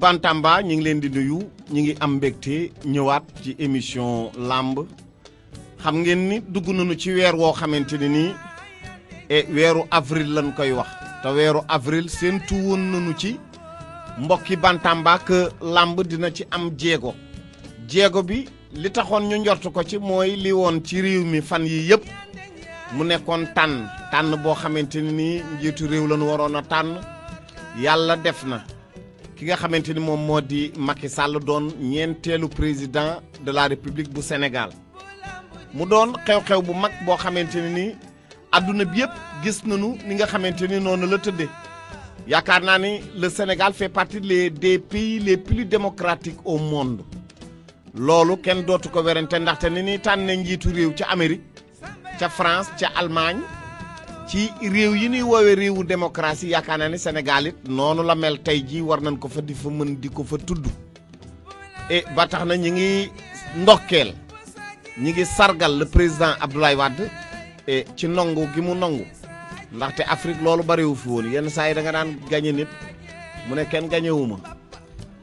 Bantamba ñu ngi leen di nuyu ñu ngi am mbégte ñëwaat ci émission làmb xam ngeen ni dugg nañu ci weer woo xamante ne nii e weeru avril lañ koy wax te weeru avril séentu woon nañu ci mbokki Bantamba que làmb dina ci am jéego jéego bi li taxoon ñu njort ko ci mooy lii woon ci réew mi fan yii yëpp mu nekkoon tànn tànn boo xamante ni nii njiitu réew lañu waroon a tànn yàlla def na ki nga xamante ni moom moo di Macky Sall doon ñeenteelu président de la république bu Sénégal mu doon xew-xew bu mag boo xamante ne ni adduna bi yëpp gis nañu ni nga xamante ni noonu la tëddee yaakaar naa ni le Sénégal fait partie les des pays les plus démocratiques au monde loolu kenn dootu ko werante ndaxte ni ni tànne njiitu réew ca Amérique ca France ca Allemagne ci réew yi ñuy woowee réewu démocratie yaakaar naa ne Sénégal noonu la mel tey jii war nañ ko fa di fa mën di ko fa tudd et ba na ñi ngi ndokkeel ñi ngi sargal le président Abdoulaye Wade et ci nongu gi mu nongu ndaxte Afrique loolu barewu fi woon yenn saa yi da nga daan gañe nit mu ne kenn gañewuma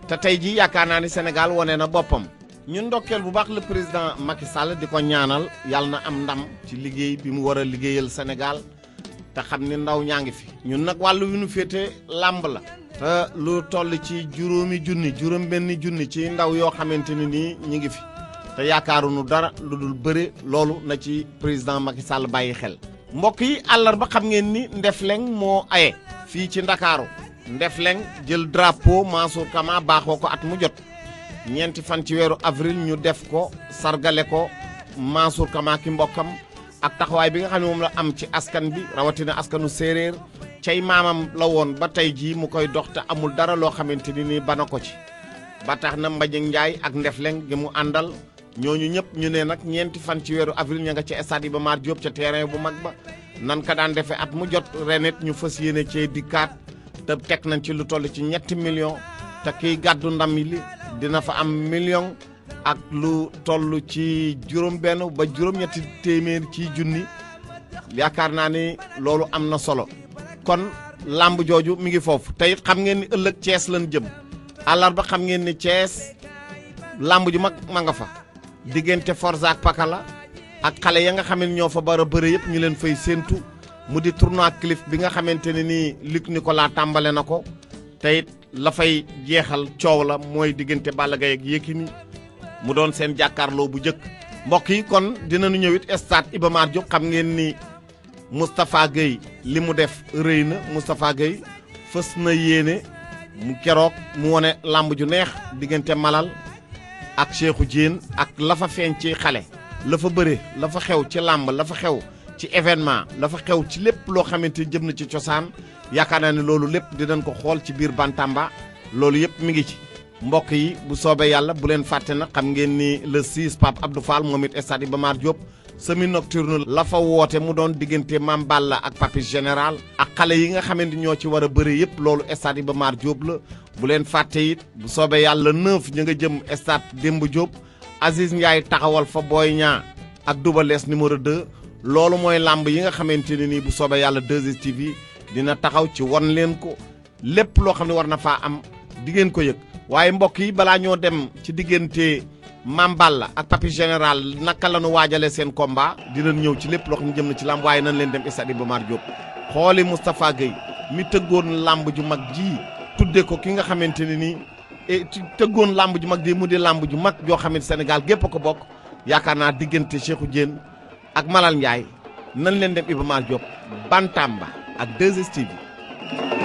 te tey jii yaakaar naa ne Sénégal wane na boppam ñun ndokkeel bu baax le président Macky Sall di ko ñaanal yàlla na am ndam ci liggéey bi mu war a liggéeyal Sénégal te xam ni ndaw ñaa ngi fi ñun nag wàllu wi nu féete làmb la te lu toll ci juróomi junni juróom benni junni ci ndaw yoo xamante ni nii ñi ngi fi te yaakaaruñu dara lu dul bëri loolu na ci président Macky Sall bàyyi xel mbokk yi àllarba xam ngeen ni Ndefleng moo aye fii ci Ndakaaru Ndefleng jël drapeau Mansour Kama baaxoo ko at mu jot ñeenti fan ci weeru avril ñu def ko sargale ko Mansour Kama ki mbokkam ak taxawaay bi nga xam ne moom la am ci askan bi rawatina askanu séeréer cay maamam la woon ba tey jii mu koy dox te amul dara loo xamante ni nii bana ko ci ba tax na Mbañik Njaay ak Ndefleng gi mu àndal ñooñu ñëpp ñu ne nag ñeenti fan ci weeru avril ña nga ca yi Iba Mar Diop ca terrain bu mag ba nan ka daan defee at mu jot renet ñu fas yéene cee dikkaat te teg nañ ci lu toll ci ñetti million te kiy gàddu ndam li dina fa am million ak lu toll ci juróom benn ba juróom-ñetti téeméer ci junni yaakaar naa ni loolu am na solo kon làmb jooju mi ngi foofu tey xam ngeen ni ëllëg cees lan jëm àllarba xam ngeen ni Thiès làmb ju mag ma nga fa diggante Forza ak xale ya nga xam ne fa bara bëre yëpp ñu leen fay séentu mu di tournoi cliff bi nga xamante ne nii Luc Nicolas tàmbale na ko tey la fay jeexal coow la mooy diggante Balla Gaye ak mu doon seen jàkkaarloo bu njëkk mbokk yi kon dinañu ñëw it stade Iba Mar Diop xam ngeen ni Moustapha Gueye li mu def rëy na Moustapha Gueye fës na yéene mu keroog mu wone làmb ju neex diggante Malal ak Cheikhou Diène ak lafa feeñ ci xale. lafa fa bëre la xew ci làmb la fa xew ci événement la xew ci lépp loo xamante jëm na ci cosaan yaakaar naa ne loolu lépp di dinañ ko xool ci biir Bantamba loolu yëpp mi ngi ci. mbokk yi bu soobee yàlla bu leen fàtte na xam ngeen ni le 6 Pape Abdou Fall moom it ba Iba Mar Diop semi nocturne la fa woote mu doon diggante Mame Balla ak Papis Général ak xale yi nga xamante ñoo ci war a bëri yëpp loolu stade ba maar Diop la bu leen fàtte it bu soobee yàlla neuf ñu nga jëm stade Demba Diop Aziz Ndiaye taxawal fa Boy Niang ak Double Less numéro 2 loolu mooy làmb yi nga xamante ne nii bu soobee yàlla 2STV dina taxaw ci won leen ko lépp loo xam ne war na faa am di ngeen ko yëg waaye mbokk yi balaa ñoo dem ci diggante Mamballa ak Papi Général naka la ñu waajalee seen combat dinañ ñëw ci lépp loo xam jëm na ci làmb waaye nañ leen dem stade Iba Mar Diop xooli Moustapha Gueye mi tëggoon làmb ju mag ji tuddee ko ki nga xamante ne nii e, tëggoon làmb ju mag ji mu di làmb ju mag joo xam ne Sénégal gépp a ko bokk yaakaar naa diggante Cheikhou Diène ak Malal Ndiaye nañ leen dem Iba Mar Diop Bantamba ak 2STV